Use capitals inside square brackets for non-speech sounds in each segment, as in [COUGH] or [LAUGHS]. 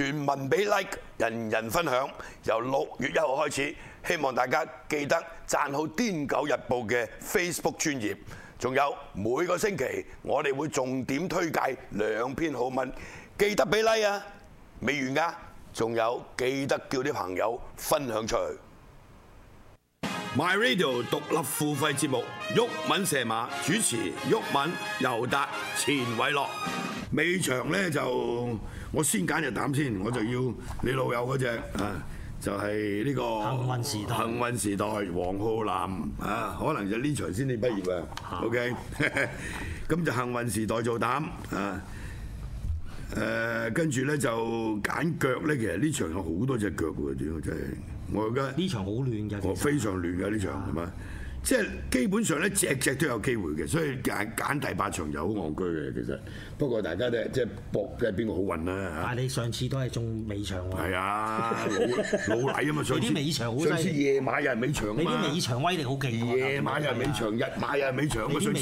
全民俾 like，人人分享。由六月一號開始，希望大家記得贊好《癲狗日報》嘅 Facebook 專頁。仲有每個星期，我哋會重點推介兩篇好文，記得俾 like 啊！未完㗎，仲有記得叫啲朋友分享出去。My Radio 獨立付費節目，毓民射馬主持，毓民、尤達、錢偉樂。尾場咧就～我先揀隻膽先，我就要你老友嗰隻、嗯、啊，就係、是、呢、這個幸運時代。幸運時代，黃浩南啊，啊可能就呢場先至畢業啊。OK，咁 [LAUGHS] 就幸運時代做膽啊。誒、啊，跟住咧就揀腳咧，其實呢場有好多隻腳嘅，主要真係我而家。呢場好亂㗎。我非常亂㗎，呢、啊、場係咪？即係基本上咧，隻隻都有機會嘅，所以揀揀第八場就好戇居嘅其實。不過大家都係即係搏嘅邊個好運啦嚇。你上次都係中尾場喎。係啊，老禮啊嘛上次。啲尾場好低。夜晚又係尾場。你啲尾場威力好勁夜晚又係尾場，日馬又係尾場嘅、啊、上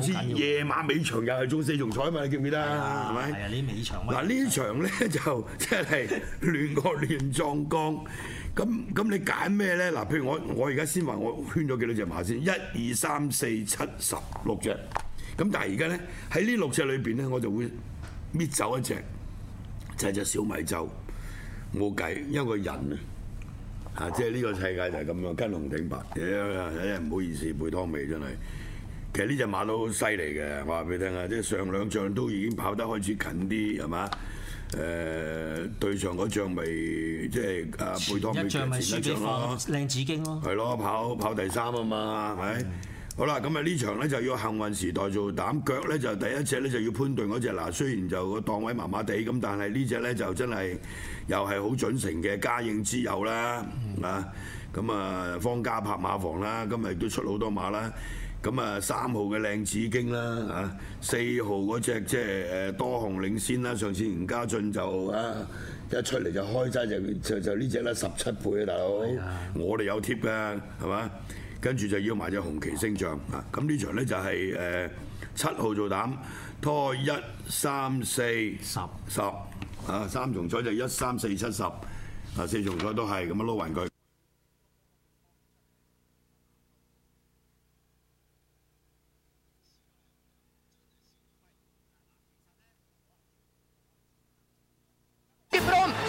次。上次夜晚尾場又係中四重彩啊嘛，記唔記得 [LAUGHS] [LAUGHS] 啊？係啊。係啊，啲尾場。嗱呢場咧就即係亂個亂撞江。咁咁你揀咩咧？嗱，譬如我我而家先話我圈咗幾多隻馬先？一、二、三、四、七、十、六隻。咁但係而家咧喺呢六隻裏邊咧，我就會搣走一隻，就係隻小米粥。冇計，因為個人啊，嚇，即係呢個世界就係咁樣，跟紅頂白。欸，唔好意思，背湯味真係。其實呢隻馬都好犀利嘅，我話俾你聽啊，即係上兩仗都已經跑得開始近啲，係嘛？誒對上嗰仗咪即係啊，背當背贏前一仗咯，啊、靚紫荊咯，係咯，跑跑第三啊嘛，係、嗯、是好啦。咁啊，呢場咧就要幸運時代做膽腳咧，就第一隻咧就要潘頓嗰隻嗱。雖然就個檔位麻麻地咁，但係呢隻咧就真係又係好準成嘅家應之友啦啊！咁、嗯、啊，方嘉柏馬房啦，今日都出好多馬啦。咁啊，三號嘅靚紫荊啦，嚇四號嗰隻即係誒多紅領先啦。上次吳家俊就啊一出嚟就開齋就就就呢隻啦，十七倍啊大佬！哎、呀我哋有貼㗎，係嘛？跟住就要埋隻紅旗升象啊！咁呢場咧就係、是、誒、呃、七號做膽拖一三四十十啊三重彩就一三四七十啊四重彩都係咁樣撈勻佢。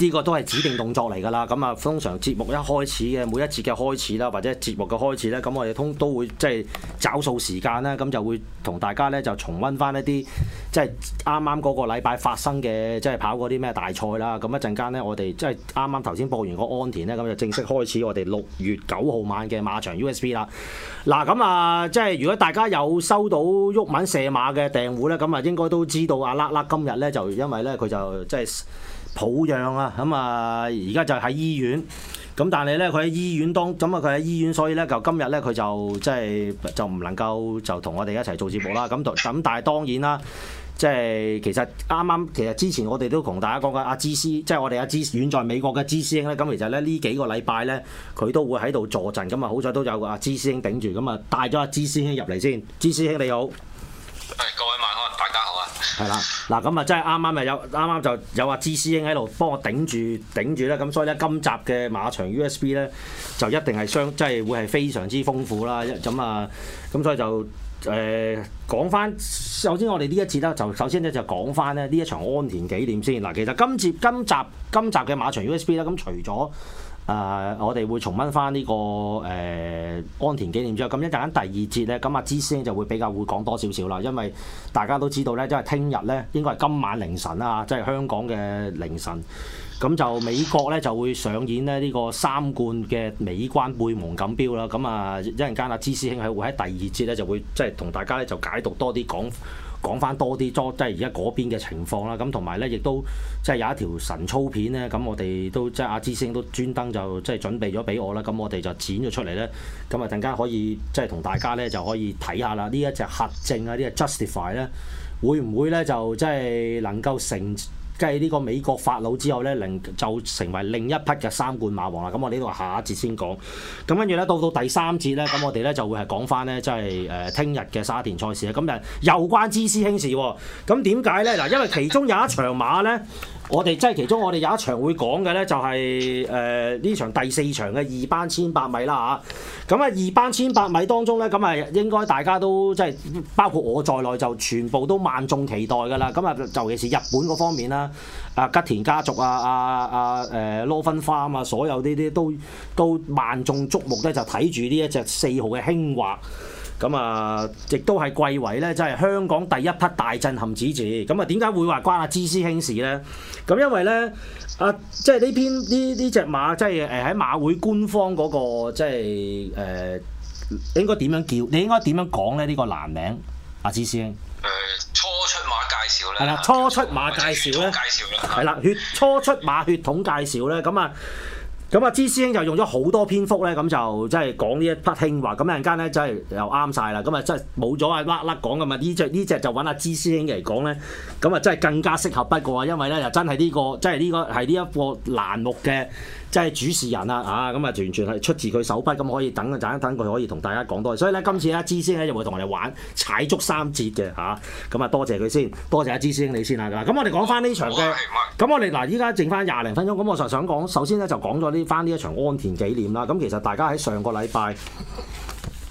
呢個都係指定動作嚟㗎啦，咁啊通常節目一開始嘅每一節嘅開始啦，或者節目嘅開始呢，咁我哋通都會即係找數時間呢，咁就會同大家呢，就重溫翻一啲即係啱啱嗰個禮拜發生嘅即係跑嗰啲咩大賽啦。咁一陣間呢，我哋即係啱啱頭先播完個安田呢，咁就正式開始我哋六月九號晚嘅馬場 USB 啦。嗱，咁啊即係如果大家有收到鬱文射馬嘅訂戶呢，咁啊應該都知道阿啦啦，今日呢，就因為呢，佢就即係。好養啊，咁啊，而家就喺醫院。咁但係咧，佢喺醫院當，咁啊佢喺醫院，所以咧就今日咧佢就即係就唔能夠就同我哋一齊做節目啦。咁咁但係當然啦，即係其實啱啱其實之前我哋都同大家講過阿芝師，啊、C，即係我哋阿芝遠在美國嘅芝師兄咧。咁其實咧呢幾個禮拜咧，佢都會喺度坐陣。咁啊好彩都有阿芝師兄頂住。咁啊帶咗阿芝師兄入嚟先。芝師兄，你好。係啦，嗱咁啊，真係啱啱啊有啱啱就有阿芝師兄喺度幫我頂住頂住啦，咁所以咧今集嘅馬場 USB 咧就一定係相即係會係非常之豐富啦。一咁啊咁所以就誒、呃、講返，首先我哋呢一次咧就首先咧就講返咧呢一場安田紀念先。嗱其實今次今集今集嘅馬場 USB 咧咁除咗誒，uh, 我哋會重溫返呢個誒、呃、安田紀念賞。咁一陣間第二節咧，咁阿芝師兄就會比較會講多少少啦，因為大家都知道咧，即係聽日咧應該係今晚凌晨啦，即係香港嘅凌晨，咁就美國咧就會上演咧呢個三冠嘅尾關貝蒙錦標啦。咁啊一陣間阿芝師兄係會喺第二節咧就會即係同大家咧就解讀多啲講。講翻多啲，即係而家嗰邊嘅情況啦。咁同埋咧，亦都即係有一條神操片咧。咁我哋都即係阿芝星都專登就即係準備咗俾我啦。咁我哋就剪咗出嚟咧。咁啊，陣間可以即係、就是、同大家咧就可以睇下啦。呢一隻核證啊，ify, 會會呢個 justify 咧，會唔會咧就即係能夠成？繼呢個美國法老之後咧，另就成為另一匹嘅三冠馬王啦。咁我呢度下一節先講。咁跟住咧，到到第三節咧，咁我哋咧就會係講返咧，即係誒聽日嘅沙田賽事咧。今日又關芝士兄事喎、哦。咁點解咧？嗱，因為其中有一場馬咧。我哋即係其中，我哋有一場會講嘅呢，就係誒呢場第四場嘅二班千百米啦嚇。咁啊，二班千百米當中呢，咁啊應該大家都即係包括我在內，就全部都萬眾期待㗎啦。咁啊，尤其是日本嗰方面啦，啊吉田家族啊啊啊誒羅芬花啊所有呢啲都都萬眾矚目咧，就睇住呢一隻四號嘅興華。咁啊、嗯，亦都係貴為咧，即係香港第一匹大震撼之子。咁、嗯、啊，點解會話關阿芝師兄事咧？咁、嗯、因為咧，啊，即係呢邊呢呢隻馬，即係誒喺馬會官方嗰、那個，即係誒、呃、應該點樣叫？你應該點樣講咧？呢、這個男名阿芝、啊、師兄誒初出馬介紹咧，係啦，初出馬介紹咧，係啦，血初出馬血統介紹咧，咁啊。 [LAUGHS] [LAUGHS] 咁啊，芝師兄就用咗好多篇幅咧，咁就即係講呢一匹興話，咁一陣間咧真係又啱晒啦，咁啊真係冇咗啊甩甩講㗎嘛，呢隻呢隻就揾阿芝師兄嚟講咧，咁啊真係更加適合不過啊，因為咧又真係呢個，真係呢個係呢一個欄目嘅。即係主持人啦，啊咁啊，完全係出自佢手筆，咁可以等一等，佢可以同大家講多，所以咧今次咧，芝師兄咧又會同我哋玩踩足三節嘅，嚇，咁啊多謝佢先，多謝阿芝師兄你先啦。咁、啊、我哋講翻呢場嘅，咁、啊、我哋嗱，依家剩翻廿零分鐘，咁我就想講，首先咧就講咗呢翻呢一場安田紀念啦。咁、啊、其實大家喺上個禮拜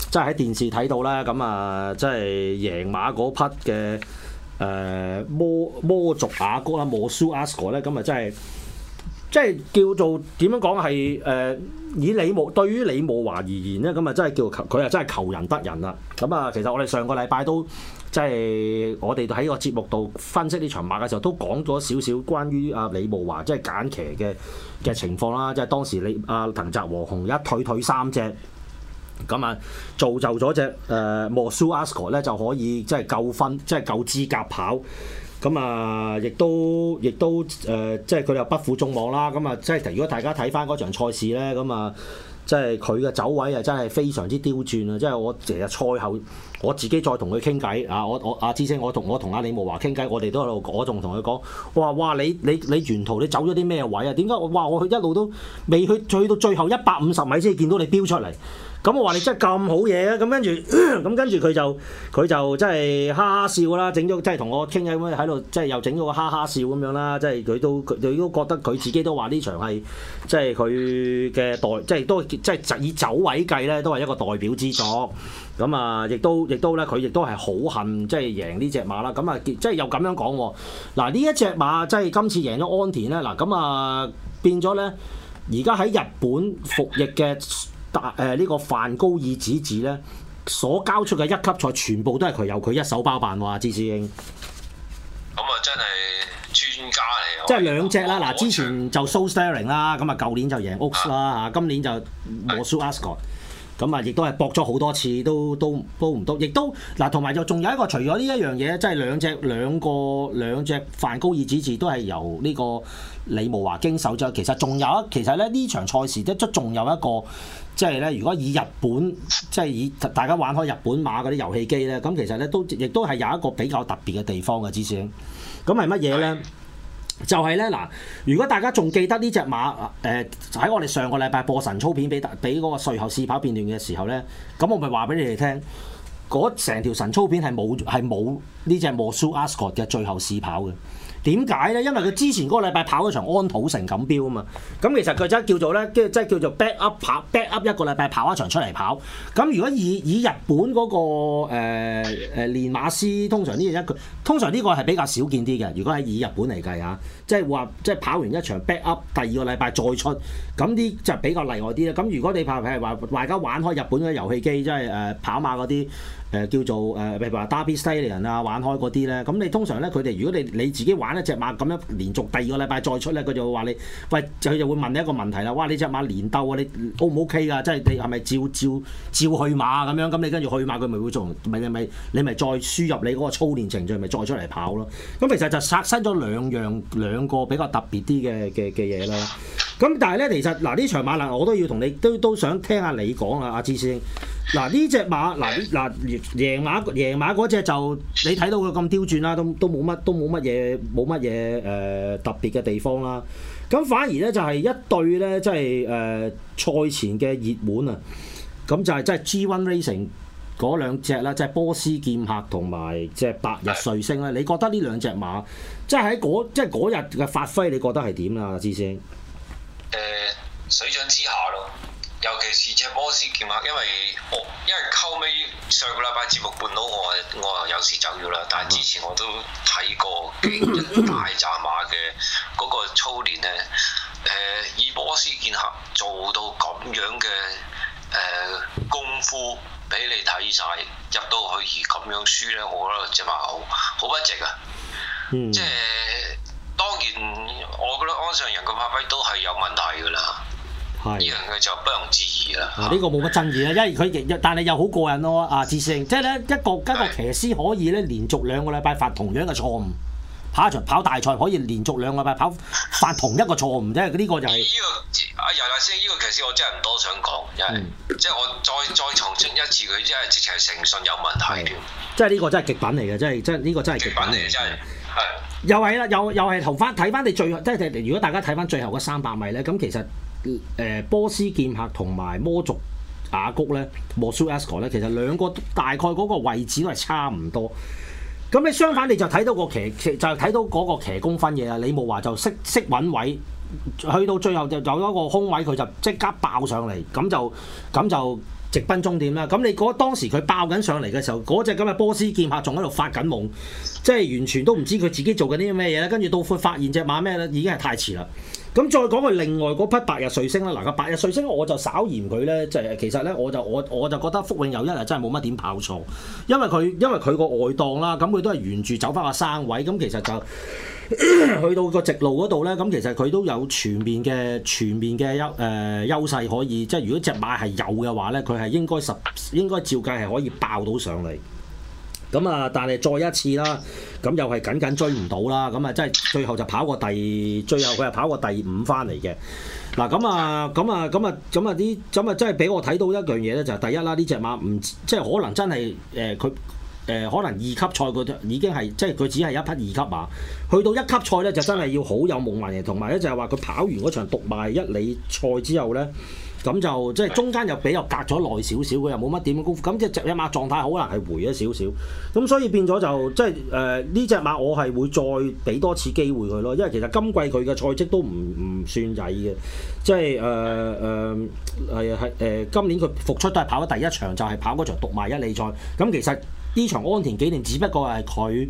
即係喺電視睇到咧，咁啊，即係贏馬嗰匹嘅誒魔魔族雅谷啦，摩蘇阿哥咧，咁啊真係。真即係叫做點樣講係誒？以李慕對於李慕華而言咧，咁啊真係叫求佢啊，真係求仁得仁啦。咁啊，其實我哋上個禮拜都即係我哋喺個節目度分析呢場馬嘅時候，都講咗少少關於阿李慕華即係揀騎嘅嘅情況啦。即係當時你阿滕、啊、澤和紅一退退三隻。咁啊，造就咗隻誒莫舒阿斯可咧，就可以即係夠分，即係夠資格跑。咁啊，亦都亦都誒、呃，即係佢又不負眾望啦。咁啊，即係如果大家睇翻嗰場賽事咧，咁啊，即係佢嘅走位啊，真係非常之刁鑽啊！即係我成日賽後我自己再同佢傾偈啊，我我阿之星，我同我同阿李慕華傾偈，我哋都喺度，我仲同佢講話哇！你你你沿途你走咗啲咩位啊？點解哇？我一路都未去，去到最後一百五十米先見到你飆出嚟。咁我話你真係咁好嘢啊！咁跟住，咁跟住佢就佢就真係哈哈笑啦，整咗即係同我傾偈喺度，即係又整咗個哈哈笑咁樣啦。即係佢都佢都覺得佢自己都話呢場係即係佢嘅代，即係都即係以走位計咧，都係一個代表之作。咁啊，亦都亦都咧，佢亦都係好恨即係贏呢隻馬啦。咁啊，即係又咁樣講喎。嗱，呢一隻馬即係今次贏咗安田咧。嗱，咁啊變咗咧，而家喺日本服役嘅。誒呢個梵高二子子咧，所交出嘅一級賽全部都係佢由佢一手包辦喎，芝士兄。咁啊，真係專家嚟。即係兩隻啦，嗱，我之前就 Soul Stirring 啦，咁啊，舊年就贏 Oaks 啦嚇，啊、今年就和蘇阿斯哥。咁啊，亦都係搏咗好多次，都都煲唔到，亦都嗱，同埋就仲有一個，除咗呢一樣嘢，即係兩隻兩個兩隻梵高爾子治都係由呢個李慕華經手咗。其實仲有一，其實咧呢場賽事即仲有一個，即係咧，如果以日本即係以大家玩開日本馬嗰啲遊戲機咧，咁其實咧都亦都係有一個比較特別嘅地方嘅姿勢。咁係乜嘢咧？就係咧嗱，如果大家仲記得呢隻馬誒喺、呃、我哋上個禮拜播神操片俾俾嗰個最後試跑片段嘅時候咧，咁我咪話俾你哋聽，嗰成條神操片係冇係冇呢隻 Mozu Ascot 嘅最後試跑嘅。點解咧？因為佢之前嗰個禮拜跑咗場安土城錦標啊嘛，咁其實佢真係叫做咧，即、即係叫做 back up 跑，back up 一個禮拜跑一場出嚟跑。咁如果以以日本嗰個誒誒練馬師，通常呢嘢一個，通常呢個係比較少見啲嘅。如果喺以日本嚟計嚇，即係話即係跑完一場 back up，第二個禮拜再出。咁啲就比較例外啲啦。咁如果你怕，譬如話，大家玩開日本嘅啲遊戲機，即係誒跑馬嗰啲誒叫做誒，譬、呃、如話《Derby Stallion》啊，玩開嗰啲咧。咁你通常咧，佢哋如果你你自己玩一隻馬咁樣連續第二個禮拜再出咧，佢就會話你，喂，佢就會問你一個問題啦。哇，你隻馬連鬥、啊、你 O 唔 O K 㗎？即係你係咪照照照去馬咁、啊、樣？咁你跟住去馬，佢咪會做？咪你咪你咪再輸入你嗰個操練程序，咪、就是、再出嚟跑咯。咁其實就刷新咗兩樣兩個比較特別啲嘅嘅嘅嘢啦。咁但係咧，其實嗱，呢、啊、場馬啦，我都要同你都都想聽下你講啊，阿志先，嗱呢隻馬嗱嗱、啊、贏馬贏馬嗰隻就你睇到佢咁刁鑽啦，都都冇乜都冇乜嘢冇乜嘢誒特別嘅地方啦。咁、啊、反而咧就係、是、一對咧，即係誒賽前嘅熱門啊。咁就係即係 G One Racing 嗰兩隻啦，即、就、係、是、波斯劍客同埋即係白日瑞星啦。你覺得呢兩隻馬即係喺嗰即係日嘅發揮，你覺得係點啊，志、啊、先？誒、呃、水準之下咯，尤其是隻波斯劍客，因為我、哦、因為後尾上個禮拜節目半島，我我有時走咗啦。但係之前我都睇過幾大紮馬嘅嗰個操練咧。誒、呃、以波斯劍客做到咁樣嘅誒、呃、功夫俾你睇晒，入到去而咁樣輸咧，我覺得隻馬好好不值啊！嗯、即係。當然，我覺得安上人嘅發揮都係有問題㗎啦。係呀佢就不容置疑啦。啊，呢個冇乜爭議啦，因為佢亦但係又好過癮咯。啊，智勝，即係咧，一國家嘅騎師可以咧連續兩個禮拜犯同樣嘅錯誤，跑場跑大賽可以連續兩個禮拜跑犯同一個錯誤，即係呢個就係呢個啊，楊大聲，呢個騎師我真係唔多想講，因為即係我再再重申一次，佢真係直情誠信有問題。即係呢個真係極品嚟嘅，即係真係呢個真係極品嚟，真係係。又係啦，又又係頭翻睇翻你最後即係，如果大家睇翻最後嗰三百米呢，咁其實誒、呃、波斯劍客同埋魔族雅谷呢，莫舒埃斯可呢，其實兩個大概嗰個位置都係差唔多。咁你相反，你就睇到個騎騎就睇到嗰個騎功分嘢啊！李慕華就識識揾位，去到最後就有一個空位，佢就即刻爆上嚟，咁就咁就。直奔終點啦！咁你嗰當時佢爆緊上嚟嘅時候，嗰隻咁嘅波斯劍客仲喺度發緊夢，即係完全都唔知佢自己做緊啲咩嘢咧。跟住到發現隻馬咩咧，已經係太遲啦。咁再講佢另外嗰匹白日瑞星啦，嗱個白日瑞星我就稍嫌佢咧，就係其實咧，我就我我就覺得福永有一日真係冇乜點跑錯，因為佢因為佢個外檔啦，咁佢都係沿住走翻個生位，咁其實就。去到個直路嗰度呢，咁其實佢都有全面嘅全面嘅優誒、呃、優勢可以，即係如果隻馬係有嘅話呢，佢係應該十應該照計係可以爆到上嚟。咁啊，但係再一次啦，咁又係緊緊追唔到啦，咁啊，即係最後就跑個第，最後佢係跑個第五返嚟嘅。嗱，咁啊，咁啊，咁啊，咁啊啲，咁啊即係俾我睇到一樣嘢呢，就係、是、第一啦，呢隻馬唔即係可能真係誒佢。呃誒、呃、可能二級賽佢已經係即係佢只係一匹二級馬，去到一級賽咧就真係要好有夢幻嘅。同埋咧就係話佢跑完嗰場獨賣一里賽之後咧，咁就即係中間又俾又隔咗耐少少，佢又冇乜點功夫，咁隻隻馬狀態可能係回咗少少。咁所以變咗就即係誒呢隻馬我係會再俾多次機會佢咯，因為其實今季佢嘅賽績都唔唔算曳嘅，即係誒誒係係誒今年佢復出都係跑咗第一場就係、是、跑嗰場獨賣一里賽，咁其實。呢場安田紀念只不過係佢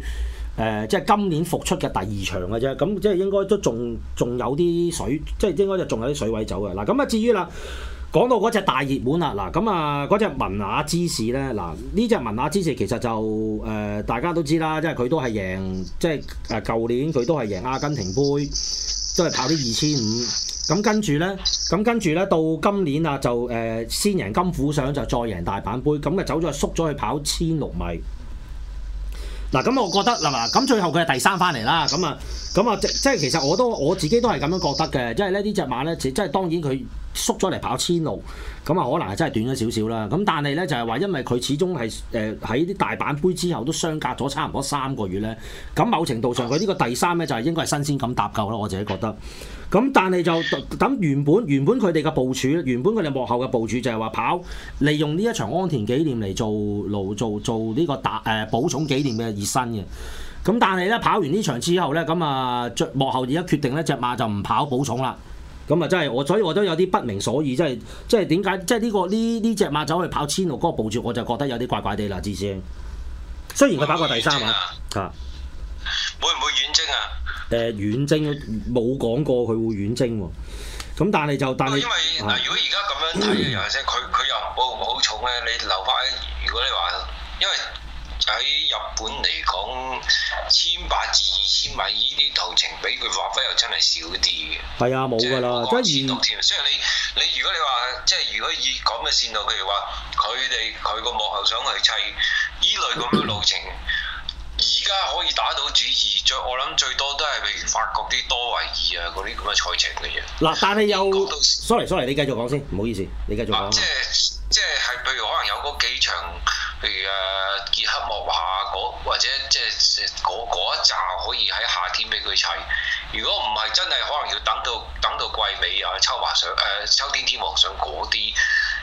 誒，即係今年復出嘅第二場嘅啫，咁即係應該都仲仲有啲水，即係應該就仲有啲水位走嘅。嗱，咁啊至於啦，講到嗰隻大熱門啦，嗱，咁啊嗰隻文雅芝士咧，嗱，呢隻文雅芝士其實就誒、呃，大家都知啦，即係佢都係贏，即係誒舊年佢都係贏阿根廷杯，都係跑啲二千五。咁跟住呢，咁跟住咧，到今年啊，就、呃、誒先贏金虎賞，就再贏大阪杯，咁啊走咗去，縮咗去跑千六米。嗱、啊，咁我覺得嗱，嘛、啊，咁最後佢係第三翻嚟啦，咁啊，咁啊，即係其實我都我自己都係咁樣覺得嘅，即係咧呢隻馬呢，即係當然佢縮咗嚟跑千六，咁啊可能係真係短咗少少啦。咁但係呢，就係話，因為佢始終係誒喺啲大阪杯之後都相隔咗差唔多三個月呢。咁某程度上佢呢個第三呢，就係應該係新鮮感搭夠啦，我自己覺得。咁但係就等原本，原本佢哋嘅部署，原本佢哋幕後嘅部署就係話跑，利用呢一場安田紀念嚟做做做呢、這個打誒寶塚紀念嘅熱身嘅。咁但係咧跑完呢場之後咧，咁、嗯、啊幕後而家決定呢隻馬就唔跑寶塚啦。咁啊真係我，所以我都有啲不明所以，真、就、係、是、即係點解即係呢、這個呢呢隻馬走去跑千六嗰個部署，我就覺得有啲怪怪哋啦，至少。雖然佢跑過第三啊。嗯嗯會唔會遠征啊？誒、呃、遠征冇講過佢會遠征喎，咁但係就等。但因為嗱，啊、如果而家咁樣睇嘅，係咪先？佢 [COUGHS] 佢又冇好重嘅。你留翻，如果你話，因為喺日本嚟講，千八至二千米呢啲途程比，比佢發揮又真係少啲嘅。係啊，冇㗎啦，即係是添。所以你你以如果你話，即係如果以咁嘅線路，譬如話佢哋佢個幕後想去砌依類咁嘅路程。 [COUGHS] 而家可以打到主意，最我諗最多都係譬如法國啲多維爾啊嗰啲咁嘅賽程嘅嘢。嗱，但係又，sorry sorry，你繼續講先，唔好意思，你繼續講。啊即係即係譬如可能有嗰幾場，譬如誒傑克莫話嗰，或者即係嗰嗰一集可以喺夏天俾佢砌。如果唔係真係可能要等到等到季尾啊，秋華賞誒秋天天皇賞嗰啲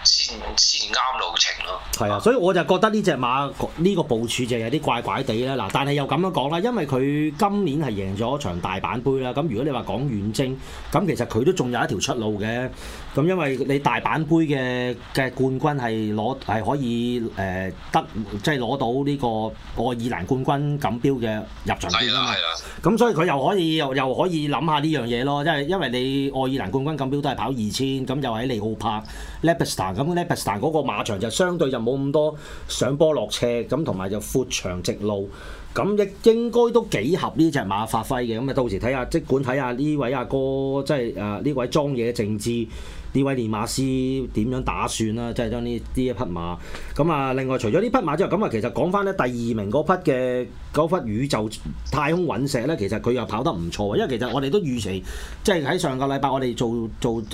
先先啱路程咯。係啊，所以我就覺得呢隻馬呢個部署就有啲怪怪哋啦。嗱，但係又咁樣講啦，因為佢今年係贏咗一場大阪杯啦。咁如果你話講遠征，咁其實佢都仲有一條出路嘅。咁因為你大阪杯嘅嘅冠冠軍係攞係可以誒得即係攞到呢個愛爾蘭冠軍錦標嘅入場券啊嘛，咁所以佢又可以又又可以諗下呢樣嘢咯，即係因為你愛爾蘭冠軍錦標都係跑二千，咁又喺利奧帕、Leopardstown 咁 Leopardstown 嗰個馬場就相對就冇咁多上坡落斜，咁同埋就闊長直路，咁亦應該都幾合呢隻馬發揮嘅，咁啊到時睇下，即管睇下呢位阿哥即係誒呢位莊野政治。呢位練馬師點樣打算啦？即係將呢呢一匹馬咁啊！另外除咗呢匹馬之外，咁啊，其實講翻咧第二名嗰匹嘅。嗰忽宇宙太空隕石咧，其實佢又跑得唔錯，因為其實我哋都預期，即係喺上個禮拜我哋做做誒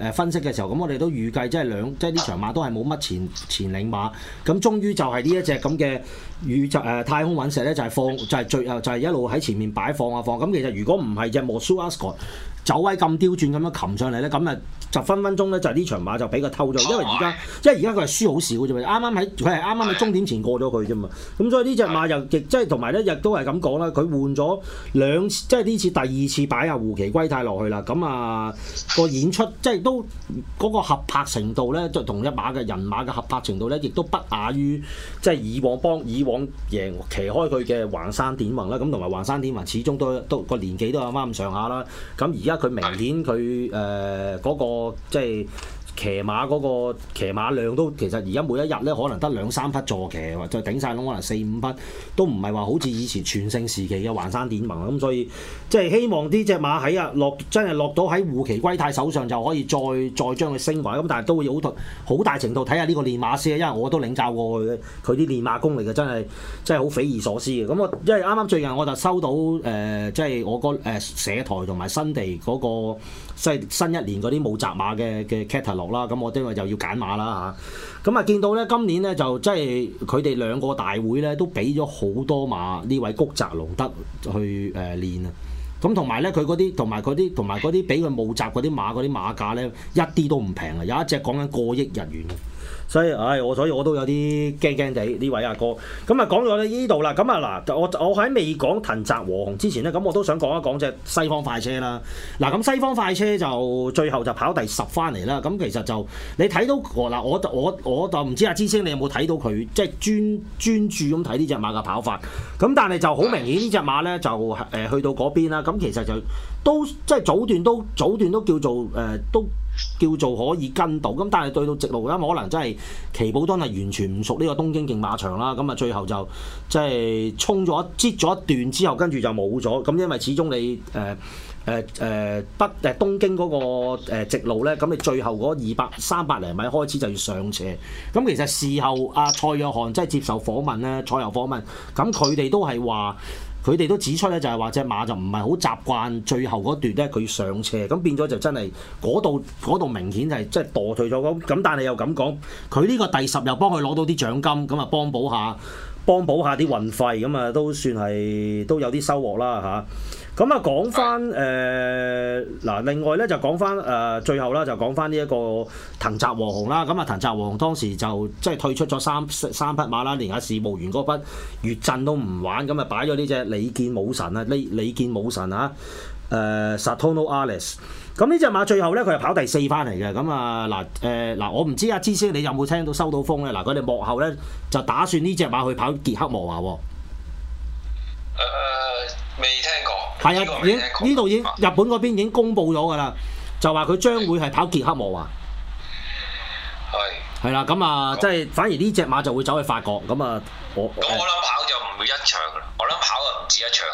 誒分析嘅時候，咁我哋都預計即係兩即係呢場馬都係冇乜前前領馬。咁終於就係呢一隻咁嘅宇宙誒太空隕石咧，就係、是、放就係、是、最後就係、是、一路喺前面擺放啊放。咁其實如果唔係隻 Mozu Ascot 走位咁刁鑽咁樣擒上嚟咧，咁啊就分分鐘咧就呢、是、場馬就俾佢偷咗。因為而家即係而家佢係輸好少啫嘛，啱啱喺佢係啱啱喺終點前過咗佢啫嘛。咁所以呢隻馬又極即係同埋。係，亦都係咁講啦。佢換咗兩次，即係呢次第二次擺下胡奇圭太落去啦。咁啊，個演出即係都嗰個合拍程度咧，就同一馬嘅人馬嘅合拍程度咧，亦都不亞於即係以往幫以往贏騎開佢嘅橫山典弘啦。咁同埋橫山典弘始終都都個年紀都有啱咁上下啦。咁而家佢明年佢誒嗰個即係。騎馬嗰個騎馬量都其實而家每一日咧，可能得兩三匹坐騎，或者頂晒窿可能四五匹，都唔係話好似以前全盛時期嘅橫山典盟咁，嗯，所以即係希望呢隻馬喺啊落真係落到喺護旗歸太手上，就可以再再將佢升華咁，但係都會好大好大程度睇下呢個練馬師啊，因為我都領教過佢佢啲練馬功力嘅，真係真係好匪夷所思嘅。咁、嗯、我因為啱啱最近我就收到誒、呃，即係我個誒社台同埋新地嗰、那個。即係新一年嗰啲冇閘馬嘅嘅 catalog 啦，咁我啲我就要揀馬啦嚇。咁啊，見到咧今年咧就即係佢哋兩個大會咧都俾咗好多馬呢位谷澤隆德去誒、呃、練啊。咁同埋咧佢嗰啲同埋嗰啲同埋啲俾佢冇閘嗰啲馬嗰啲馬價咧一啲都唔平啊！有一隻講緊過億日元。所以，唉，我所以我都有啲驚驚地呢位阿哥，哥。咁啊，講咗呢度啦。咁啊，嗱，我我喺未講騰澤和紅之前呢，咁我都想講一講隻西方快車啦。嗱，咁西方快車就最後就跑第十翻嚟啦。咁其實就你睇到嗱，我我我就唔知阿之星你有冇睇到佢即係專專注咁睇呢隻馬嘅跑法。咁但係就好明顯呢隻馬呢，就誒、呃、去到嗰邊啦。咁其實就都即係早段都早段都叫做誒、呃、都。叫做可以跟到，咁但係對到直路咧，可能真係奇保敦係完全唔熟呢個東京競馬場啦。咁啊，最後就即係、就是、衝咗擠咗一段之後，跟住就冇咗。咁因為始終你誒誒誒不誒東京嗰個誒直路咧，咁你最後嗰二百三百零米開始就要上斜。咁其實事後阿蔡約翰即係接受訪問咧，賽後訪問，咁佢哋都係話。佢哋都指出咧，就係話隻馬就唔係好習慣最後嗰段咧，佢上斜咁變咗就真係嗰度嗰度明顯就係即係墮退咗咁。咁但係又咁講，佢呢個第十又幫佢攞到啲獎金，咁啊幫補下幫補下啲運費，咁啊都算係都有啲收穫啦，嚇、啊。咁啊，講翻誒嗱，另外咧就講翻誒、呃、最後啦，就講翻呢一個藤澤和雄啦。咁啊，藤澤和雄當時就即係退出咗三三匹馬啦，連阿事務員嗰匹越震都唔玩，咁啊擺咗呢隻李健武神啊，李李健武神啊，誒 Satono Alice。咁呢隻馬最後咧佢係跑第四翻嚟嘅。咁啊嗱誒嗱，我唔知阿、啊、芝師你有冇聽到收到風咧？嗱、呃，佢哋幕後咧就打算呢隻馬去跑傑克莫華喎。啊。未聽過，係啊的，已經呢度已經日本嗰邊已經公佈咗㗎啦，就話佢將會係跑傑克莫華啊。係，係啦，咁啊，即係反而呢隻馬就會走去法國，咁啊我，我咁我諗跑就唔會一場啦，我諗跑啊唔止一場，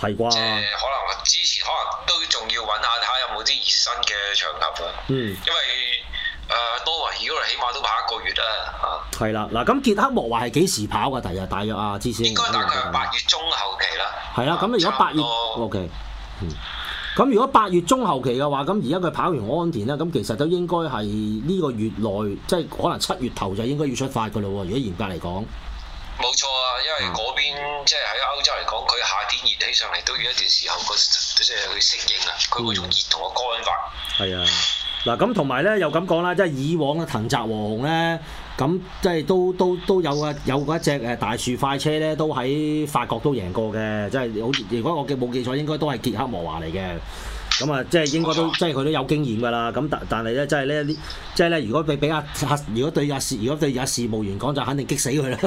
係啩吧？即係可能之前可能都仲要揾下睇下有冇啲熱身嘅場合啊，嗯，因為。誒多雲，如果佢起碼都跑一個月啦，啊，係啦，嗱咁傑克莫華係幾時跑㗎？第日大約啊，至少應該大概八月中後期啦。係啦，咁如果八月 O K，嗯，咁如果八月中後期嘅話，咁而家佢跑完安田咧，咁其實都應該係呢個月內，即係可能七月頭就應該要出發㗎咯。如果嚴格嚟講，冇錯啊，因為嗰邊即係喺歐洲嚟講，佢夏天熱起上嚟都要一段時候，嗰即係去適應啊，佢嗰種熱同個乾法係啊。嗯嗱咁同埋咧又咁講啦，即係以往嘅藤澤和雄咧，咁即係都都都有啊有一隻誒大樹快車咧，都喺法國都贏過嘅，即係好如果我記冇記錯，應該都係傑克莫華嚟嘅。咁啊，即係應該都，即係佢都有經驗㗎啦。咁但但係咧，即係呢，即係咧，如果俾俾阿，如果對阿事，如果對阿事務員講就肯定激死佢啦。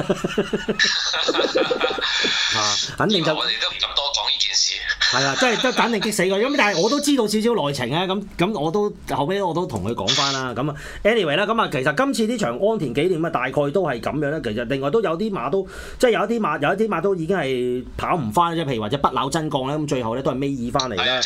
啊 [LAUGHS] ， [LAUGHS] 肯定就我哋都唔敢多講呢件事。係 [LAUGHS] 啊，即係都肯定激死佢。咁但係我都知道少少內情啊。咁咁我都後尾我都同佢講翻啦。咁啊，anyway 啦，咁啊，其實今次呢場安田紀念啊，大概都係咁樣咧。其實另外都有啲馬都，即係有一啲馬，有一啲馬都已經係跑唔翻啦。即係譬如或者不朽真降咧，咁最後咧都係尾二翻嚟啦。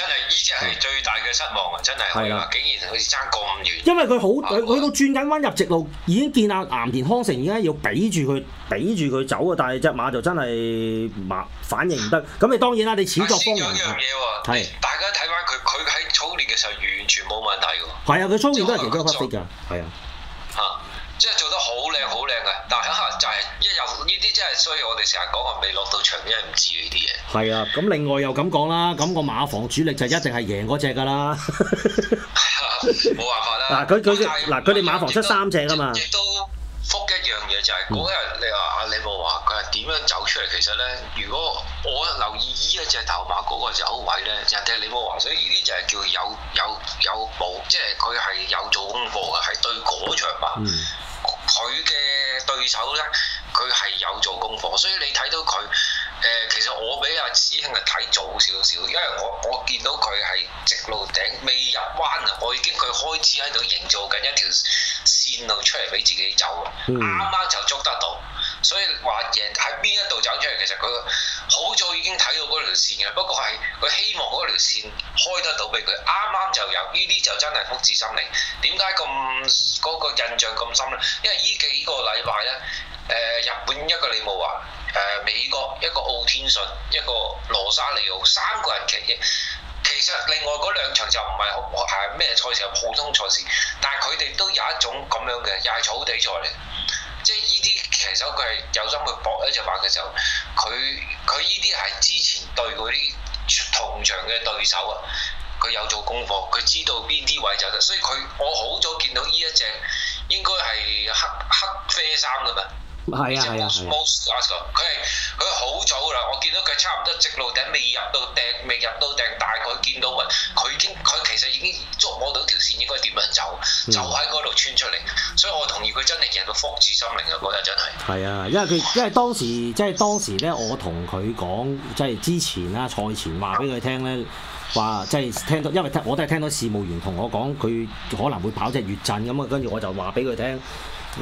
的最大嘅失望啊！真係，竟然好似爭咁遠，因為佢好，佢到、啊、轉緊彎入直路，已經見阿岩田康誠而家要比住佢，比住佢走啊！但係隻馬就真係麻反應唔得。咁你當然啦，你始作俑人嘢喎，啊、大家睇翻佢，佢喺操練嘅時候完全冇問題喎。係啊，佢操練都係其中一色㗎，係啊。即係做得好靚好靚嘅，但係就係因為有呢啲，即係所以我哋成日講話未落到場面係唔知呢啲嘢。係啊，咁另外又咁講啦，咁個馬房主力就一定係贏嗰隻㗎啦。冇 [LAUGHS] [LAUGHS] 辦法啦。嗱佢佢嗱佢哋馬房出三隻㗎嘛。亦都覆一樣嘢就係嗰日你話啊李慕華。點樣走出嚟？其實咧，如果我留意依一隻頭馬嗰個走位咧，人哋李慕華，所以呢啲就係叫有有有步，即係佢係有做功課嘅，係、嗯、對嗰場馬，佢嘅對手咧，佢係有做功課，所以你睇到佢誒、呃，其實我比阿師兄係睇早少少，因為我我見到佢係直路頂未入彎啊，我已經佢開始喺度營造緊一條線路出嚟俾自己走，啱啱、嗯、就捉得到。所以話贏喺邊一度走出嚟，其實佢好早已經睇到嗰條線嘅，不過係佢希望嗰條線開得到俾佢，啱啱就有呢啲就真係福至心靈。點解咁嗰個印象咁深咧？因為呢幾個禮拜咧，誒、呃、日本一個李慕華，誒、呃、美國一個奧天遜，一個羅莎莉奧，三個人奇蹟。其實另外嗰兩場就唔係好係咩賽事，係普通賽事，但係佢哋都有一種咁樣嘅，又係草地賽嚟。即係呢啲騎手，佢係有心去搏一隻馬嘅時候，佢佢呢啲係之前對嗰啲同場嘅對手啊，佢有做功課，佢知道邊啲位就得，所以佢我好早見到呢一隻應該係黑黑啡衫㗎嘛。係啊，係啊阿 Sir，佢係佢好早啦，我見到佢差唔多直路頂未入到頂，未入到頂，但係佢見到雲，佢已經佢其實已經捉摸到條線應該點樣走，嗯、就喺嗰度穿出嚟。所以我同意佢真係贏到福至心靈啊！覺得真係。係啊，因為佢因為當時即係當時咧，我同佢講即係之前啦，賽前話俾佢聽咧，話即係聽到，因為我都係聽到事務員同我講，佢可能會跑隻越鎮咁啊，跟住我就話俾佢聽。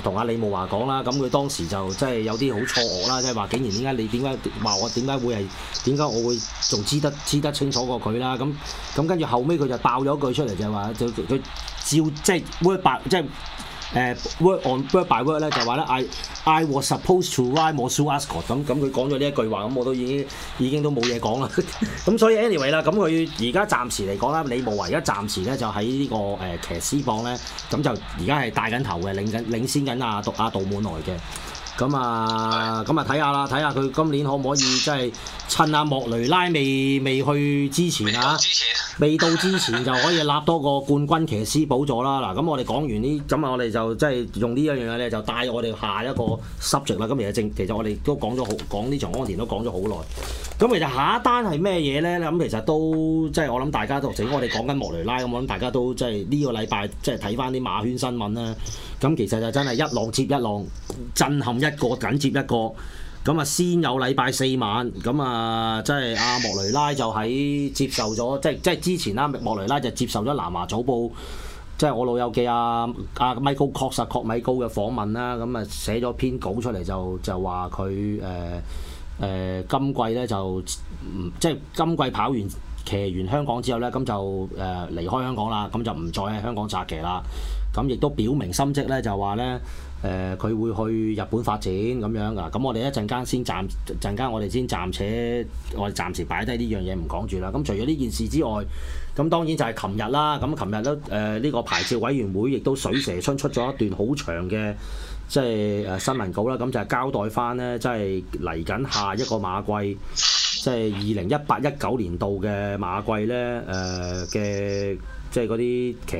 同阿李慕華講啦，咁佢當時就即係有啲好錯愕啦，即係話竟然，點解你點解話我點解會係點解我會仲知得知得清楚過佢啦？咁咁跟住後尾，佢就爆咗一句出嚟，就係話就佢照即係會白即係。誒、uh, word on word by word 咧就話、是、咧，I I was supposed to ride Moreira 咁咁佢講咗呢一句話，咁我都已經已經都冇嘢講啦。咁 [LAUGHS] 所以 anyway 啦，咁佢而家暫時嚟講啦，李慕華而家暫時咧就喺、這個呃、呢個誒騎師榜咧，咁就而家係帶緊頭嘅領緊領先緊亞度亞度滿來嘅。啊咁啊，咁啊睇下啦，睇下佢今年可唔可以即係趁阿莫雷拉未未去之前啊，未到之前啊未到之前就可以立多個冠軍騎師寶座啦。嗱、啊，咁我哋講完呢，咁啊我哋就即係用呢一樣嘢咧，就帶、是、我哋下一個 subject 啦。咁其實正，其實我哋都講咗好，講呢場安田都講咗好耐。咁其實下一單係咩嘢咧？咁其實都即係我諗大家都，都整我哋講緊莫雷拉咁，我諗大家都即係呢個禮拜即係睇翻啲馬圈新聞啦。咁其實就真係一浪接一浪，震撼一一個緊接一個，咁啊先有禮拜四晚，咁、嗯、啊即係阿莫雷拉就喺接受咗，即係即係之前啦，莫雷拉就接受咗南華早報，即係我老友記阿阿米高確實確米高嘅訪問啦，咁、嗯、啊寫咗篇稿出嚟就就話佢誒誒今季咧就即係今季跑完騎完香港之後咧，咁就誒離開香港啦，咁就唔再喺香港策騎啦，咁、嗯、亦都表明心跡咧，就話咧。誒佢、呃、會去日本發展咁樣㗎，咁我哋一陣間先暫陣間，我哋先暫且我哋暫時擺低呢樣嘢唔講住啦。咁、嗯、除咗呢件事之外，咁當然就係琴日啦。咁琴日咧誒呢個牌照委員會亦都水蛇春出咗一段好長嘅即係誒新聞稿啦。咁、嗯、就係、是、交代翻呢，即係嚟緊下一個馬季，即係二零一八一九年度嘅馬季呢誒嘅即係嗰啲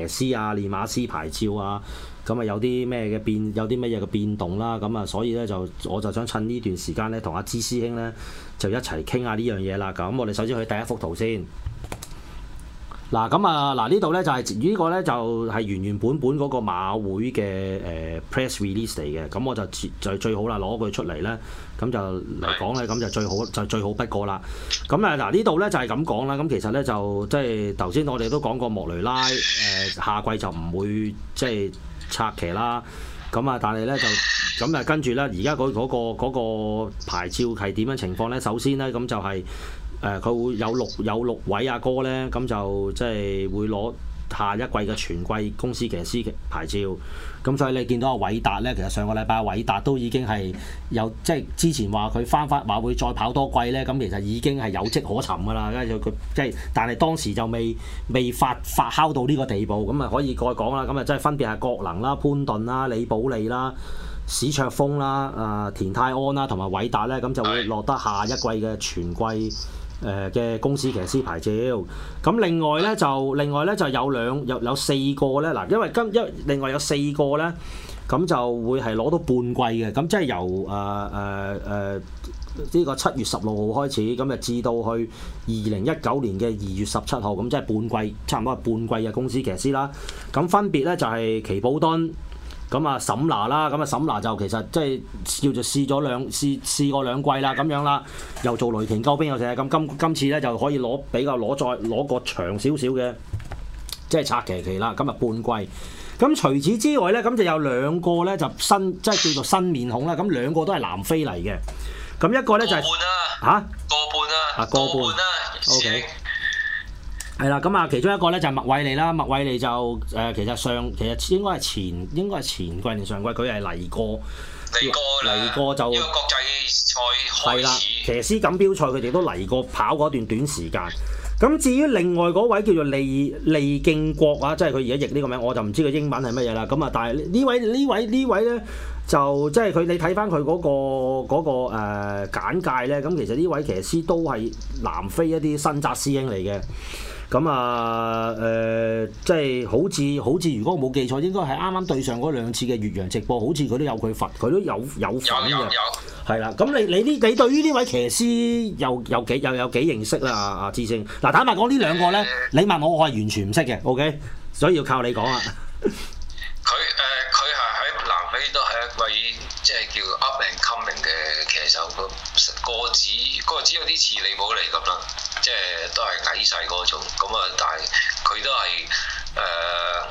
騎師啊、練馬師牌照啊。咁啊，有啲咩嘅變有啲咩嘢嘅變動啦。咁啊，所以咧就我就想趁呢段時間咧，同阿芝師兄咧就一齊傾下呢樣嘢啦。咁，我哋首先去第一幅圖先嗱。咁啊，嗱、啊啊、呢度咧就係、是這個、呢個咧就係、是、原原本本嗰個馬會嘅誒、呃、press release 嚟嘅。咁我就最最好啦，攞佢出嚟咧，咁就嚟講咧，咁就最好，就，就，最好就最好不過啦。咁啊，嗱、啊啊啊、呢度咧就係咁講啦。咁其實咧就即係頭先我哋都講過莫雷拉誒下、呃、季就唔會、就是、即係。拆期啦，咁啊，但係咧就咁啊，跟住咧，而家嗰嗰個嗰、那個那個牌照係點樣情況咧？首先咧，咁就係、是，誒、呃，佢會有六有六位阿哥咧，咁就即係會攞下一季嘅全季公司騎師牌照。咁所以你見到阿韋達咧，其實上個禮拜阿韋達都已經係有，即係之前話佢翻翻話會再跑多季咧，咁其實已經係有跡可尋噶啦，跟住佢即係，但係當時就未未發發酵到呢個地步，咁啊可以再講啦，咁啊即係分別係郭能啦、潘頓啦、李寶利啦、史卓峰啦、啊田泰安啦，同埋韋達咧，咁就會落得下一季嘅全季誒嘅公司騎師牌照，咁另外咧就另外咧就有兩有有四個咧嗱，因為今因另外有四個咧，咁就會係攞到半季嘅，咁即係由誒誒誒呢個七月十六號開始，咁誒至到去二零一九年嘅二月十七號，咁即係半季差唔多係半季嘅公司騎師啦，咁分別咧就係、是、祈普敦。咁啊、嗯，沈娜啦，咁、嗯、啊沈娜就其實即係叫做試咗兩試試過兩季啦，咁樣啦，又做雷霆救兵。又成咁，今今次咧就可以攞比較攞再攞個長少少嘅，即係拆期期啦，咁啊半季。咁除此之外咧，咁就有兩個咧就新即係叫做新面孔啦，咁兩個都係南非嚟嘅。咁一個咧就嚇、係、個半啊，個、啊、半啊，OK。係啦，咁啊，其中一個咧就係麥偉尼啦，麥偉尼就誒、呃，其實上其實應該係前應該係前季定上季過，佢係嚟過嚟過就呢個國際賽開始。騎師錦標賽佢哋都嚟過跑過一段短時間。咁至於另外嗰位叫做利利勁國啊，即係佢而家譯呢個名，我就唔知佢英文係乜嘢啦。咁啊，但係呢位，位，位，位呢位呢位咧，就即係佢你睇翻佢嗰個嗰、嗰個、呃、簡介咧，咁其實呢位騎師都係南非一啲新紮師兄嚟嘅。咁啊，誒、呃，即係好似好似，如果我冇記錯，應該係啱啱對上嗰兩次嘅越洋直播，好似佢都有佢罰，佢都有有罰嘅，係啦。咁你你呢？你對於呢位騎師又又幾又有幾認識啦？啊啊，之嗱，坦白講，呢兩個呢，你問我，我係完全唔識嘅，OK。所以要靠你講啊。 [LAUGHS] 即係叫 Up and Coming 嘅騎手，個個子個子有啲似李寶利咁啦，即係都係矮細嗰種。咁啊，但係佢都係誒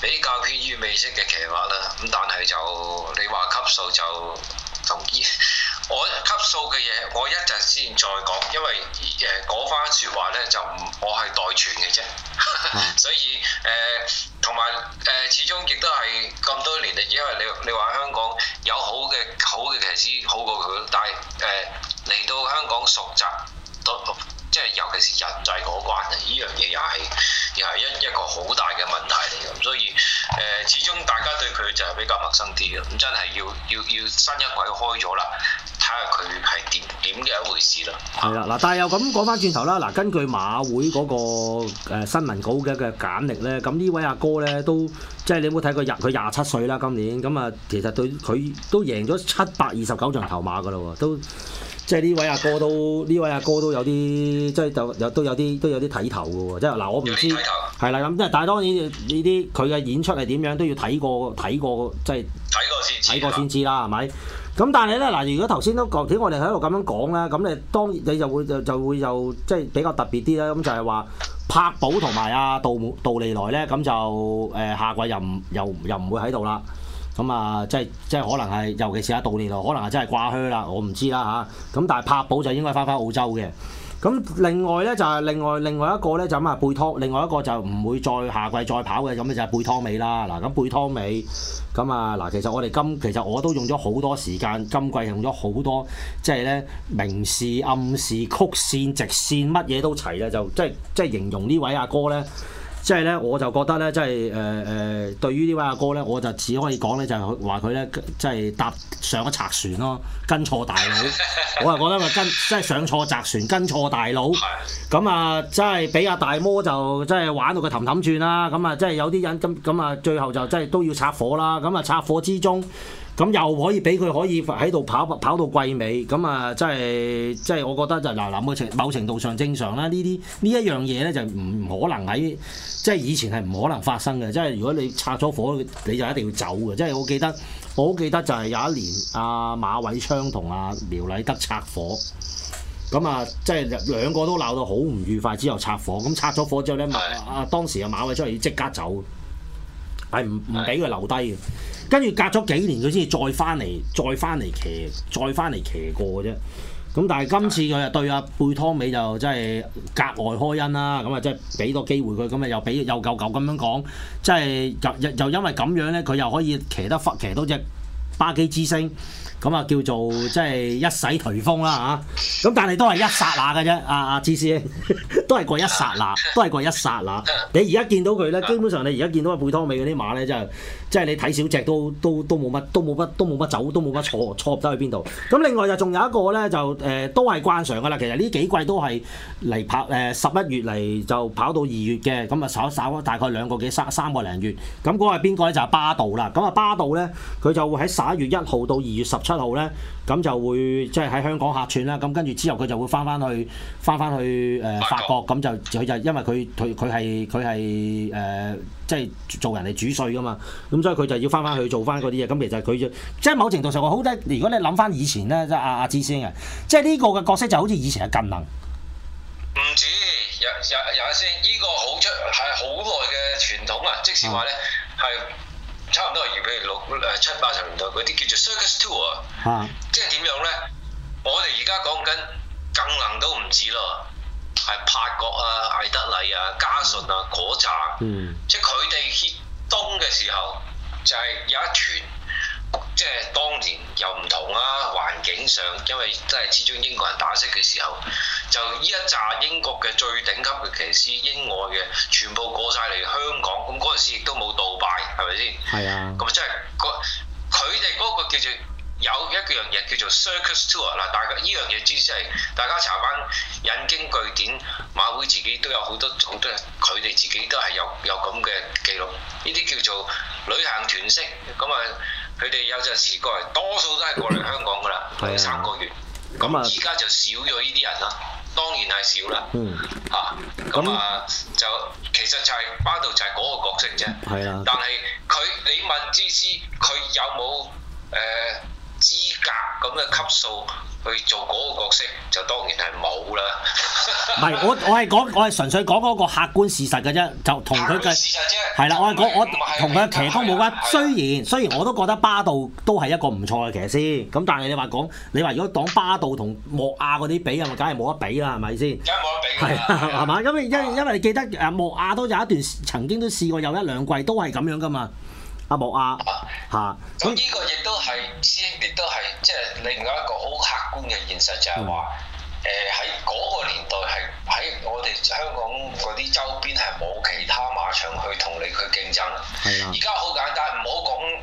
比較偏於美式嘅騎法啦。咁但係就你話級數就同，就我級數嘅嘢，我一陣先再講，因為誒嗰、呃、番説話咧就唔，我係代傳嘅啫， [LAUGHS] 所以誒同埋誒始終亦都係咁多年嚟，因為你你話香港有好嘅好嘅騎師好過佢，但係誒嚟到香港熟習都。即係尤其是人際嗰關呢，呢樣嘢又係又係一一個好大嘅問題嚟，咁，所以誒、呃，始終大家對佢就係比較陌生啲嘅。咁真係要要要新一季開咗啦，睇下佢係點點嘅一回事啦。係啦，嗱，但係又咁講翻轉頭啦，嗱，根據馬會嗰個新聞稿嘅嘅簡歷咧，咁呢位阿哥咧都，即係你有冇睇過入，佢廿七歲啦，今年咁啊，其實對佢都贏咗七百二十九場頭馬噶啦喎，都。即係呢位阿哥都呢位阿哥都有啲即係有有都有啲都有啲睇頭嘅喎，即係嗱我唔知係啦咁，即係但係當然呢啲佢嘅演出係點樣都要睇過睇過即係睇過先睇過先知啦係咪？咁但係咧嗱，如果頭先都講，點我哋喺度咁樣講咧，咁你當你就會就就會又即係比較特別啲啦。咁就係話柏寶同埋阿杜杜利萊咧，咁就誒下季又唔又又唔會喺度啦。咁啊、嗯，即係即係可能係，尤其是阿杜列可能係真係掛靴啦，我唔知啦嚇。咁、啊、但係柏寶就應該翻翻澳洲嘅。咁、啊、另外呢，就係另外另外一個呢，就咁啊背托，另外一個就唔會再下季再跑嘅咁咧就係、就是、貝湯美啦。嗱、啊、咁貝湯美，咁啊嗱，其實我哋今其實我都用咗好多時間，今季用咗好多即係呢，明示暗示曲線直線乜嘢都齊啦，就即即形容呢位阿哥呢，即係咧，我就覺得咧，即係誒誒，對於呢位阿哥咧，我就只可以講咧，就係話佢咧，即係搭上一隻賊船咯，跟錯大佬， [LAUGHS] 我係覺得咪跟，即係上錯賊船，跟錯大佬。係。咁啊，即係俾阿大魔就即係玩到佢氹氹轉啦。咁啊，即係有啲人咁咁啊，最後就即係都要拆夥啦。咁啊，拆夥之中。咁又可以俾佢可以喺度跑跑到季尾，咁啊、就是，即係即係我覺得就嗱，某情某程度上正常啦。呢啲呢一樣嘢咧就唔可能喺即係以前係唔可能發生嘅。即、就、係、是、如果你拆咗火，你就一定要走嘅。即、就、係、是、我記得，我好記得就係有一年阿、啊、馬偉昌同阿、啊、苗禮德拆火，咁啊，即係兩個都鬧到好唔愉快之後拆火。咁拆咗火之後咧，阿阿當時阿馬偉昌係要即刻走，係唔唔俾佢留低嘅。跟住隔咗幾年，佢先至再翻嚟，再翻嚟騎，再翻嚟騎過嘅啫。咁但係今次佢又對阿貝湯美就真係格外開恩啦。咁啊，即係俾多機會佢，咁啊又俾又舊舊咁樣講，即係又又因為咁樣呢，佢又可以騎得翻，騎到隻巴基之星。咁啊叫做即係、就是、一洗頹風啦吓，咁、啊、但係都係一剎那嘅啫，阿阿芝芝都係過一剎那，都係過一剎那。你而家見到佢咧，基本上你而家見到啊背多尾嗰啲馬咧，就係即係你睇小隻都都都冇乜，都冇乜都冇乜走，都冇乜錯錯得去邊度。咁另外就仲有一個咧，就誒、呃、都係慣常㗎啦。其實呢幾季都係嚟跑誒十一月嚟就跑到二月嘅，咁啊稍一稍大概兩個幾三三個零月。咁嗰個邊個咧就係、是、巴度啦。咁啊巴度咧佢就會喺十一月一號到二月十七。一路咧，咁就會即係喺香港客串啦。咁跟住之後，佢就會翻翻去，翻翻去誒法國。咁就佢就因為佢佢佢係佢係誒，即係做人哋主帥㗎嘛。咁所以佢就要翻翻去做翻嗰啲嘢。咁其實佢就，即係某程度上我好得。如果你諗翻以前咧，即係阿阿智先啊，即係呢個嘅角色就好似以前嘅近能。唔止，有有有阿呢個好出係好耐嘅傳統啊！即使話咧係。差唔多 2, 6, 7,，而譬如六誒七八十年代嗰啲叫做 circus tour，嗯、即係點樣咧？我哋而家講緊，更能都唔止咯，係柏國啊、艾德禮啊、嘉順啊嗰扎，嗯、即係佢哋歇冬嘅時候，就係、是、有一團。即係當年又唔同啦、啊，環境上，因為真係始終英國人打識嘅時候，就呢一紮英國嘅最頂級嘅騎師英外嘅，全部過晒嚟香港。咁嗰陣時亦都冇杜拜，係咪先？係啊。咁啊，真係佢哋嗰個叫做有一樣嘢叫做 circus tour 嗱、這個就是，大家呢樣嘢知即係大家查翻引經據典，馬會自己都有好多好多，都係佢哋自己都係有有咁嘅記錄。呢啲叫做旅行團式咁啊。佢哋有陣時過嚟，多數都係過嚟香港㗎啦，係 [COUGHS] 三個月。咁啊，而 [COUGHS] 家就少咗呢啲人啦，當然係少啦。嗯，嚇， [COUGHS] 咁啊， [COUGHS] 就其實就係、是、巴度就係嗰個角色啫。係啊， [COUGHS] 但係佢，你問芝芝，佢有冇誒？資格咁嘅級數去做嗰個角色，就當然係冇啦。唔 [LAUGHS] 係，我我係講我係純粹講嗰個客觀事實嘅啫，就同佢嘅事實啫。係啦。我，是我係講我同佢嘅騎夫冇關。的雖然雖然我都覺得巴道都係一個唔錯嘅騎師，咁但係你話講你話如果當巴道同莫亞嗰啲比，咁梗係冇得比啦，係咪先？梗係冇得比啦。係嘛？因為因為你記得誒莫亞都有一段曾經都試過有一兩季都係咁樣噶嘛。阿木啊，嚇咁呢個亦都係，師兄亦都係即係另外一個好客觀嘅現實就，就係話誒喺嗰個年代係喺我哋香港嗰啲周邊係冇其他馬場去同你去競爭。而家好簡單，唔好講誒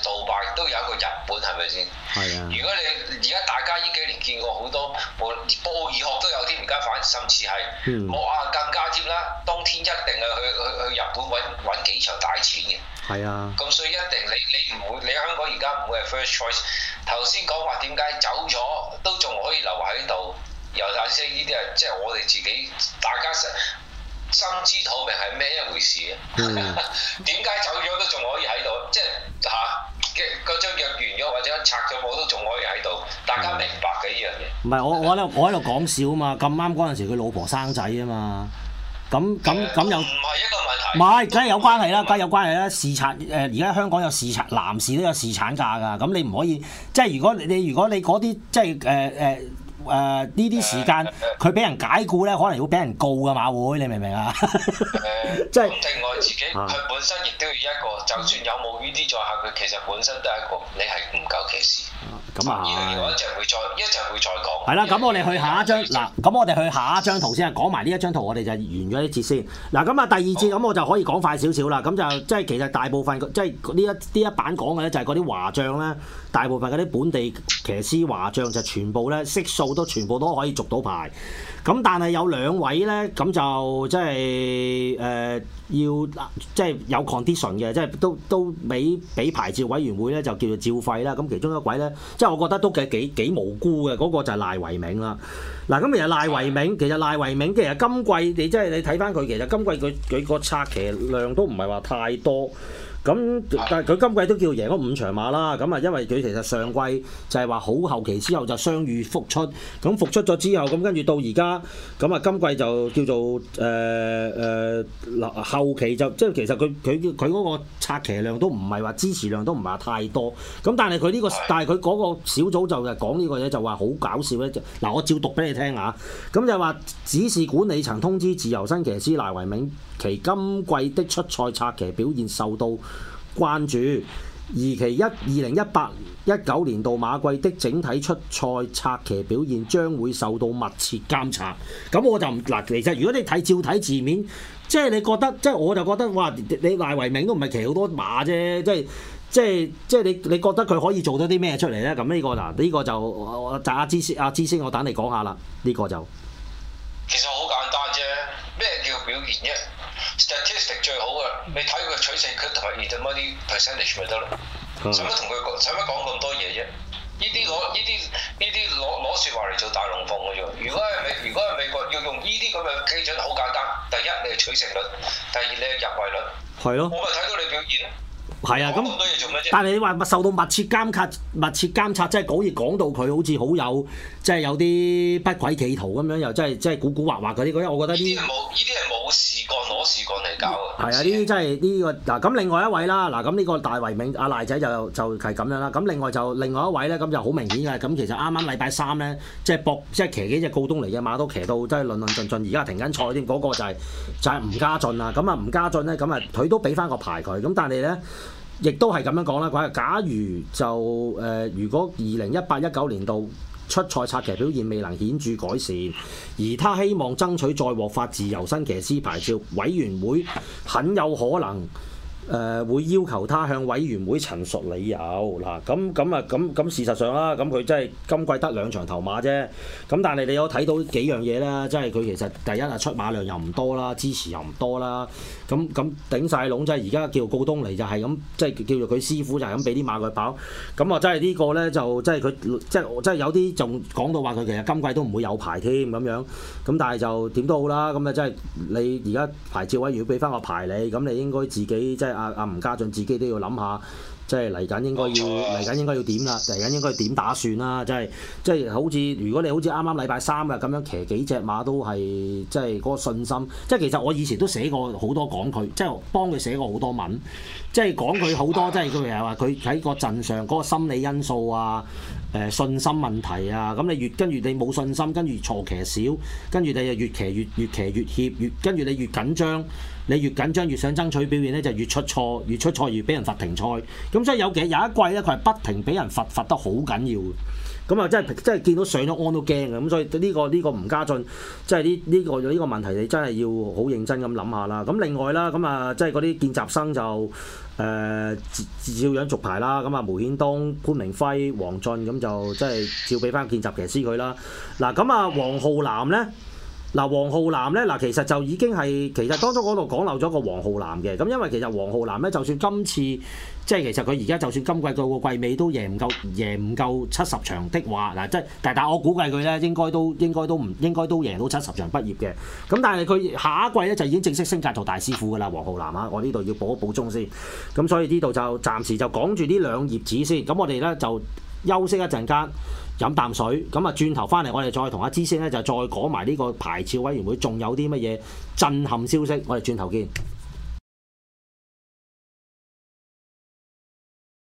誒，杜、呃、拜、呃、都有一個日本係咪先？係係嗯、如果你而家大家呢幾年見過好多，布布爾學都有啲，而家反甚至係木啊，嗯、我更加尖啦。當天一定係去去去日本揾揾幾場大錢嘅。係啊，咁所以一定你你唔會，你喺香港而家唔會係 first choice。頭先講話點解走咗都仲可以留喺度，又話聲呢啲啊，即係我哋自己大家心心知肚明係咩一回事啊？點解 [LAUGHS] 走咗都仲可以喺度？即係嚇，嘅、啊、個張約完咗或者拆咗我都仲可以喺度，大家明白嘅呢樣嘢。唔係、啊、我我喺度我喺度講笑啊嘛，咁啱嗰陣時佢老婆生仔啊嘛。咁咁咁又唔係一個問題，唔係，梗係有關係啦，梗係有關係啦。侍產誒，而、呃、家香港有侍產，男士都有侍產假㗎。咁你唔可以，即係如果你如果你嗰啲即係誒誒誒呢啲時間，佢俾、呃、人解僱咧，可能會俾人告㗎嘛會，你明唔明啊？即係另外自己，佢本身亦都要一個，就算有冇呢啲在客，佢其實本身都係一個，你係唔夠歧視。咁啊係，一陣會再，一陣會再講。係啦、啊，咁我哋去下一張嗱，咁 [MUSIC] 我哋去下一張圖先啊，講埋呢一張圖，我哋就完咗一節先。嗱，咁啊第二節咁 [MUSIC] 我就可以講快少少啦。咁就即係其實大部分即係呢一呢一版講嘅咧，就係嗰啲華將咧，大部分嗰啲本地騎師華將就全部咧色數都全部都可以續到牌。咁但係有兩位咧，咁就即係誒要即係有 condition 嘅，即係都都俾俾牌照委員會咧就叫做照肺啦。咁其中一位鬼咧，即係我覺得都幾幾幾無辜嘅，嗰、嗰個就係賴維銘啦。嗱，咁其實賴維銘其實賴維銘，其實今季你即係你睇返佢，其實今季佢佢個策騎量都唔係話太多。咁但係佢今季都叫贏咗五場馬啦，咁啊因為佢其實上季就係話好後期之後就傷癒復出，咁復出咗之後，咁跟住到而家，咁啊今季就叫做誒誒、呃呃、後期就即係其實佢佢佢嗰個策騎量都唔係話支持量都唔係話太多，咁但係佢呢個是的 但係佢嗰個小組就係講呢個嘢就話好搞笑咧，嗱我照讀俾你聽啊，咁就話指示管理層通知自由身騎師賴維銘。其今季的出賽策騎表現受到關注，而其一二零一八年一九年度馬季的整體出賽策騎表現將會受到密切監察。咁我就唔，嗱，其實如果你睇照睇字面，即係你覺得，即係我就覺得，哇，你賴維明都唔係騎好多馬啫，即係即係即係你你覺得佢可以做得啲咩出嚟咧？咁呢、這個嗱呢、這個就集阿知阿知識，我等你講下啦。呢、這個就其實好簡單啫，咩叫表現啫？statistic 最好嘅，你睇佢取勝率同埋二咋乜啲 percentage 咪得咯。使乜同佢講？使乜講咁多嘢啫？呢啲攞呢啲呢啲攞攞説話嚟做大龍鳳嘅啫。如果係美，如果係美國，要用呢啲咁嘅基準，好簡單。第一，你係取勝率；第二，你係入圍率。係咯的。我咪睇到你表現咯。係啊，咁但係你話受到密切監察、密切監察，即係好似講到佢好似好有即係、即係、有啲不軌企圖咁樣，又真係真係古古惑惑嗰啲。因為我覺得呢啲冇呢啲係冇事幹。試過你搞，啊！係啊，呢啲真係呢個嗱咁。另外一位啦，嗱咁呢個大維銘阿賴仔就就係咁樣啦。咁另外就另外一位咧，咁就好明顯嘅咁。其實啱啱禮拜三咧，即係搏即係騎幾隻告東嚟嘅馬都騎到順順順順，即係論論盡盡，而家停緊賽添。嗰個就係、是、就係吳家俊啊。咁啊，吳家俊咧咁啊，佢都俾翻個牌佢。咁但係咧，亦都係咁樣講啦。佢話：假如就誒、呃，如果二零一八一九年度。出賽策騎表現未能顯著改善，而他希望爭取再獲發自由身騎師牌照，委員會很有可能。誒、呃、會要求他向委員會陳述理由嗱，咁咁啊，咁咁事實上啦，咁佢真係今季得兩場頭馬啫，咁但係你有睇到幾樣嘢啦，即係佢其實第一啊出馬量又唔多啦，支持又唔多啦，咁咁頂晒籠，即係而家叫高東尼就係咁，即係叫做佢師傅就係咁俾啲馬佢跑，咁啊真係呢個呢，就即係佢即即係有啲仲講到話佢其實今季都唔會有牌添咁樣，咁但係就點都好啦，咁啊真係你而家牌照位如果俾翻個牌你，咁你應該自己即係。阿阿吳家俊自己都要諗下，即係嚟緊應該要嚟緊應該要點啦，嚟緊應該點打算啦，即係即係好似如果你好似啱啱禮拜三呀咁樣騎幾隻馬都係，即係嗰個信心，即係其實我以前都寫過好多講佢，即係幫佢寫過好多文，即係講佢好多，即係佢係話佢喺個陣上嗰個心理因素啊。信心問題啊！咁你越跟住你冇信心，跟住錯騎少，跟住你就越騎越越騎越怯，越跟住你越緊張，你越緊張越想爭取表現咧，就越出錯，越出錯越俾人罰停賽。咁所以有幾有一季咧，佢係不停俾人罰，罰得好緊要。咁啊，即係真係見到上咗岸都驚啊！咁所以呢、呢個呢、呢個吳家俊，即係呢呢個呢、呢個問題，你真係要好認真咁諗下啦。咁另外啦，咁啊，即係嗰啲見習生就誒、呃、照樣續牌啦。咁啊，毛顯東、潘明輝、黃俊咁就即係照俾翻見習騎師佢啦。嗱，咁啊，黃浩南咧。嗱，黃浩南咧，嗱，其實就已經係其實當中嗰度講漏咗個黃浩南嘅，咁因為其實黃浩南咧，就算今次即係其實佢而家就算今季到個季尾都贏唔夠贏唔夠七十場的話，嗱，即係但係我估計佢咧應該都應該都唔應該都贏到七十場畢業嘅，咁但係佢下一季咧就已經正式升格做大師傅㗎啦，黃浩南啊，我呢度要補一補中先，咁所以呢度就暫時就講住呢兩頁紙先，咁我哋咧就休息一陣間。飲啖水，咁啊轉頭翻嚟，我哋再同阿知星咧就再講埋呢個牌照委員會仲有啲乜嘢震撼消息，我哋轉頭見。